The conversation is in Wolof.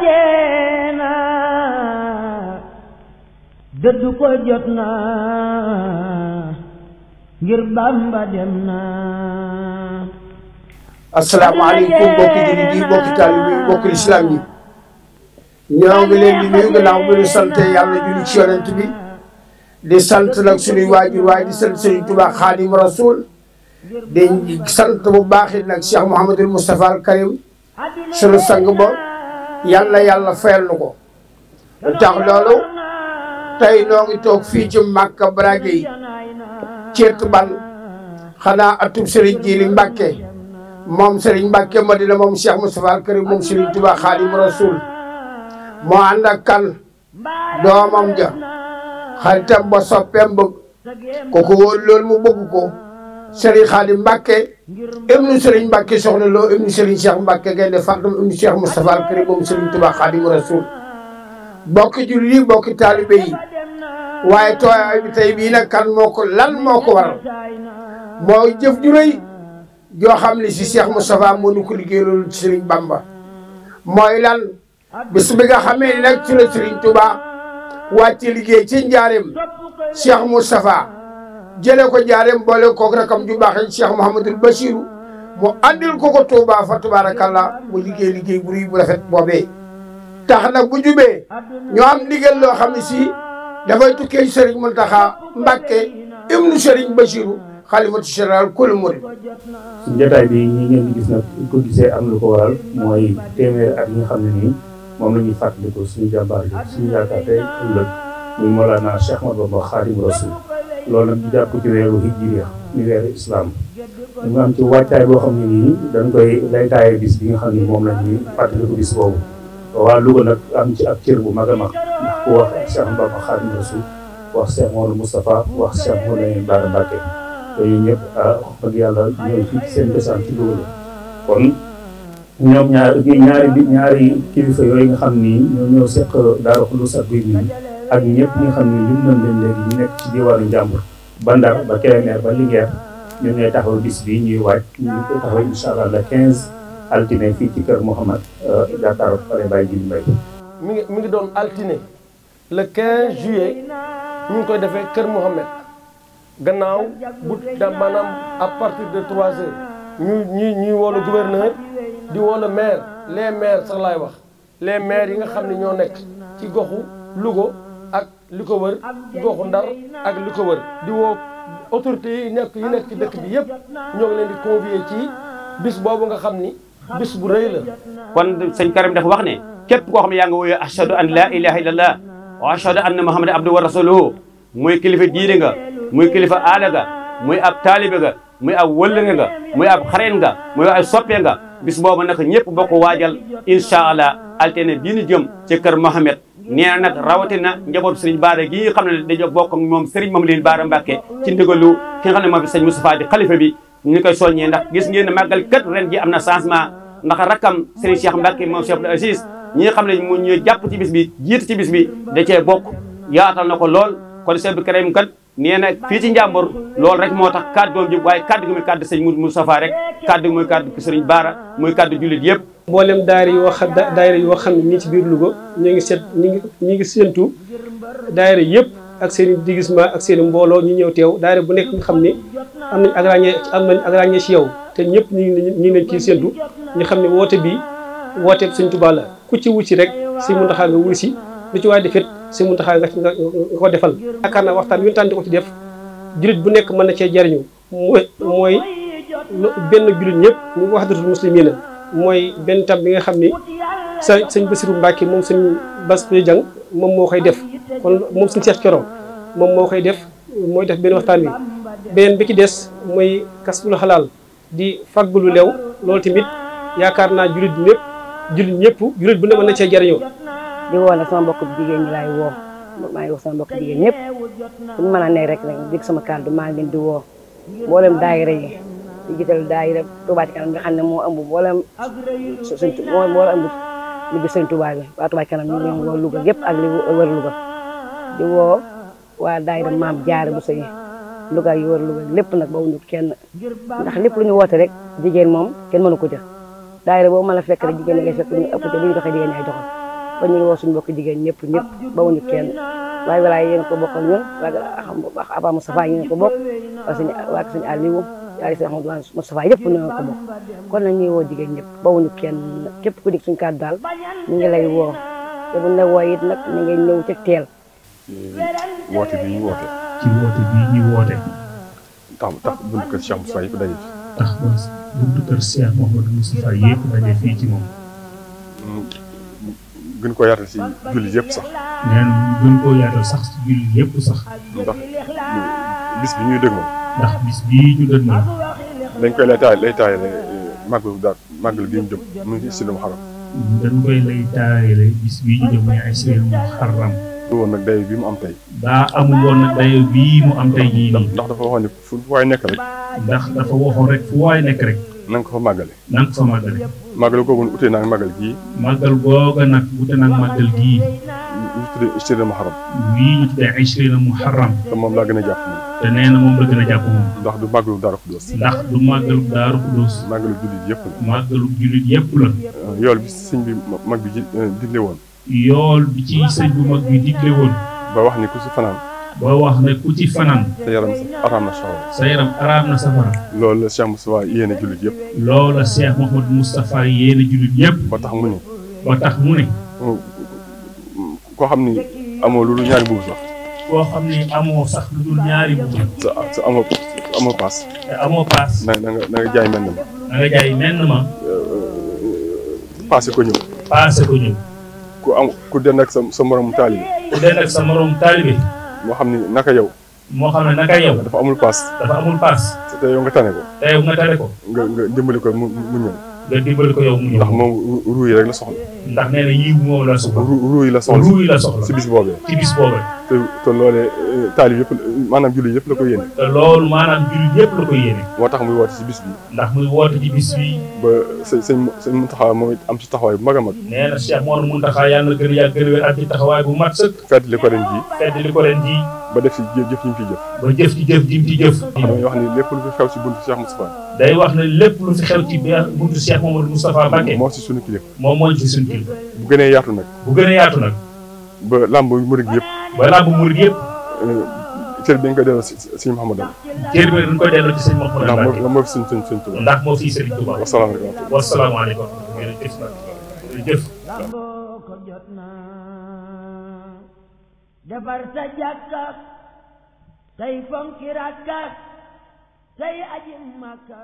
dajeena dëddu ko jot na ngir Bamba dem na asalaamaaleykum mbokki jullit yi mbokki taalibe yi mbokki lislaam yi ñoo ngi leen di nuyu gannaaw bu ñu sant yàlla julli ci yonent bi di sant nag suñuy waajur waaye di sant Sëriñ Tuubaa Xaadimu Rasuul di sant bu baax it nag Cheikh Mouhamadul Moustapha al Karim sunu sang ba yàlla na fayal nu ko lu tax loolu tey noo ngi toog fii ci Màkka Brage yi ceet ban xanaa atub Serigne Jili Mbàkke moom Serigne Mbàkke Madina moom Cheikh Moustapha al Karim moom Serigne Touba Xaadimu Rasuul moo ànd kan doomam ja xaritam ba soppeem bëgg ko ko wóolu loolu mu bëgg ko Serigne Xaadim Mbàkke ibnu Serigne Mbacke soxna loo ibnu Serigne Cheikh Mbacke Gaynde Fatma ibnu Cheikh Moustapha al Karim moom Serigne Touba Xaadimu Rasuul bokki julli yi bokki taalibe yi waaye tooyaay bi tey bii nag kan moo ko lan moo ko waral mooy jëf ju joo xam ne si Cheikh Moustapha moo ñu ko liggéeyaloon ci Serigne Bamba mooy lan bés bi xamee ni nag ci la Serigne Touba liggéey ci njaareem Cheikh Moustapha. jëlee ko jaareem boole kook rakam ju baaxee Cheikh Mouhamadul Bachiru mu andil ko ko Touba fa tabarakallah mu liggéey liggéey bu rëy bu rafet boobee. tax nag bu jubee ñu am ndigal loo xam ne si dafay tukkee Serigne Mountakha Mbacké ibnu Serigne Bachiru xalifatu général kul murid. suñu bi ñi ngeen di gis nag ko gisee am lu ko waral mooy téeméer at yi nga xam ne nii moom la ñuy fàttaliku suñu jàmbaar yi suñu yaakaar tey ëllëg muy Mawlana Cheikh Ahmadou Bamba Khadimu Rasul loolu nag ñu jàpp ko ci weeru hijriya ñu weeru islam dañu am ci wàccaay boo xam ne nii dañ koy lay bis bi nga xam ne moom la ñuy fàttaliku bis boobu waa Louga nag am ci ab cër bu mag a mag ndax ku wax Cheikh Mbaba Xaadimu Rasuul wax Cheikh Mawlana Moustapha wax Cheikh Mawlana Bara Mbacké ah, wax yàlla ñëw seen cosaan ci Louga kon ñoom ñaar ñaari bi ñaari kilifa yooyu nga xam ni ñoo ñëw seq Daaru Xuddoos ak guy ak ñëpp ñu nga xam ne lim nañ leen ñu nekk ci diwaanu njàmbur ba Ndar ba Kébémer ba Linguère ñun ñooy taxaw bis bi ñuy waaj ñu ngi koy taxaw incha allah le altine fii ci kër Mouhamad jàkkaarloo euh, pare bàyyi ji mbay mi ngi mi ngi doon altine le 15 juillet ñu ngi koy defee kër Mouhamad gannaaw bu da maanaam à partir de 3 heures ñu ñu ñuy woo le di woo le maire les maires sax laay wax les maires yi nga xam ne ñoo nekk ci goxu Louga. li ko wër goxu ndar ak li di woo autorité yi nekk yi nekk ci dëkk bi yëpp ñoo ngi leen di convier ci bis boobu nga xam ni bis bu rëy la kon sëñ Karim dafa wax ne képp koo xam ne yaa nga wooyee ashhadu an la ilaha illallah wa ashhadu anna muhammadan abdu wa rasuluhu muy kilifa diine nga muy kilifa aada nga muy ab taalibe nga muy ab wëllënge nga muy ab xareen nga muy ab soppe nga bis boobu nag ñëpp bokk waajal incha allah altine bii ñu jëm ci kër Mohamed nee na nag rawatina njabootu Serigne Bara gii xam ne dañoo bokk moom Serigne Mame Lamine Bara Mbacké ci ndigalu ki nga xam ne moo fi Serigne Moustapha di xalifa bi ñu koy soññee ndax gis ngeen ne màggal kat ren ji am na changement ndax rakkam Serigne Cheikh Mbacké moom Cheikh Abdou Aziz xam ne mu ñu jàpp ci bis bi jiitu bis bi da cee bokk yaatal na ko lool kon Cheikh bi Karim kat nee na fii ci njàmbur loolu rek moo tax kàddoom ji waaye kàddu gi muy kàddu sëñ Moustapha rek kàddu gi muy kàddu sëriñ Baara muy kàddu jullit yëpp mboolem daayira yoo xam daayira xam ne nii ci biir Louga ñu ngi seet ñu ngi ñu ngi séentu daayira yëpp ak seen i digisement ak seen mbooloo ñu ñëw teew daayira bu nekk nga xam ni am na ak ràññee am nañ ak ràññee ci yow te ñëpp ñu ngi ñi ngi leen ciy séentu ñu xam ne woote bi woote sëñ Tuubaa la ku ci wucci rek sëñ Muntaxa nga wuy si lu ci waaye defit si mun taxaa nga nga ko defal yaakaar naa waxtaan wi tànn di ko ci def jullit bu nekk mën na cee jariñu mooy mooy benn jullit ñëpp mu waxdatul muslimina mooy benn tam bi nga xam ni sa sëñ Basiru Mbàkke moom sëñ Bas Pee moom moo koy def kon moom sëñ Seex Coro moom moo koy def mooy def benn waxtaan wi beneen bi ci des mooy kasbul xalaal di fàggulu leew loolu tamit yaakaar naa jullit ñëpp jullit ñëpp jullit bu ne mën na cee jariñoo di woo nag sama mbokk jigéen ñi laay woo maa ngi wax sama mbokk jigéen ñëpp fu a nekk rek nag dégg sama kàddu maa ngi di woo mboolem daayira yi di jiital daayira Touba ci nga xam ne moo ëmb mboolem sëñ moo moo ëmb liggéey sëñ Touba bi waa Touba ci kanam ñu ngi leen woo Louga yëpp ak li wër Louga di woo waa daayira maam jaare bu sëy Louga yi wër Louga lépp nag boobu ñu kenn ndax lépp lu ñu woote rek jigéen moom kenn mënu ko jël daayira boobu mën a fekk rek jigéen ñi ngay fekk ñu ëpp ñu doxee jigéen ñi ba ñu ngi woo suñu mbokki jigéen ñëpp ñëpp bawuñu kenn waaye walaay yéen ko bokkal ñun waaye xam Aba Moustapha ko bokk waa suñu suñu Aliou yëpp ñoo ko bokk ñu ngi woo jigéen ñëpp ñu kenn képp ku dikk suñu kàddu daal ñu ngi lay woo te la woo it nag ñu ngi ñëw ca teel. woote bi ñu woote. ci woote bi ñu woote. tax tax buntu kër Cheikh Moustapha yëpp daje fi. tax buntu kër Cheikh Mouhamadou Moustapha yëpp daje fii moom. Mm. gën koo yaatal si jullit yëpp sax. nee na gën koo yaatal sax si jullit yëpp sax. ndax bis bi ñuy dëgmal. ndax bis ñu dëgmal. dañ koy lay taay lay taay eh, màggalu daal bi ñu jëm mu ngi si lu mu koy lay taayale bis bii ñu jëm muy ay si mu xaram. woon nag dayo bii mu am tey daa amul woon nag dayo bii mu am tey jii ndax dafa waxoon ne fu waay nekk rek ndax dafa waxoon rek fu waay nekk rek na ko fa màggale na nga ko fa màggale màggal googu nag ute naag màggal gii màggal googa nag ute naag màggal gii ñu tuddee Ishrina Muharram wii ñu tuddee Ishrina Muharram te moom laa gën a jàpp moom te nee na moom la gën a jàpp moom ndax du màggalu Daaru Xudóos ndax du màggalu Daaru Xudóos màggalu jullit yëpp la màggalu jullit yëpp la euh, yool bi sëñ bi mag bi euh, digle woon yool bi ci sëñ bu mag bi digle woon ba wax ni ku si fanaan boo wax ne ku ci fanaan. sa yaram araam na safara. sa yaram araam na safara. loolu la jullit yëpp. loolu la Cheikh Mouhamadou Moustapha yéene jullit yëpp. ba tax mu ne. ba tax mu ne. koo xam ni amoo lu dul ñaari mbubb sax. koo xam ni amoo sax lu dul ñaari mbubb. sa sa amoo amoo paas. te na nga jaay menn ma. na nga jaay menn ma. paase ko ñëw. paase ko ñëw. ku am ku dend ak sa sa moromu moo xam ni naka yow. moo xam ne naka yow. dafa amul paas. dafa amul paas. te yow nga tane ko. te yow nga tane ko. nga nga dimbali ko mu mu ñëw. nga dimbali ko yow mu ñëw. ndax moom ruu yi rek la soxla. ndax nee yii moom la soxla. ruu yi la soxla ruu yi la te te loolee eh, taalib yëpp maanaam jullit yëpp la ko yéene. te loolu maanaam jullit yëpp la ko yéene. moo tax muy woote ci bis bi. ndax muy woote ci bis bi. ba sëñ sëñ sëñ Muntaxa moom it am ci taxawaay na Cheikh Mor Muntaxa yàlla a yàgg a wér am ci taxawaay bu mat sëkk. fedd li ko ren jii. fedd li ni lépp lu fi xew ci buntu wax ne lépp lu fi xew ci biir buntu Cheikh Mamadou Moustapha Mbacké. moo ci sunu kilifa. moom moo ci sunu kilifa. bu gënee yaatu nag. bu gënee yaatu nag. ba làmb murid yëpp mooy làmb murid yëpp. Euh, cër bi nga koy delloo si si Mouhamadou. cër bi nga koy delloo ci sëñ Mouhamadou. ndax moo moo fi sëñ sëñ Touba. ndax moo fi sëñ Touba. wasalaamaaleykum wasalaamaaleykum. jërëjëf jërëjëf. defar sa jàkka tey fonki rakka tey aji Makka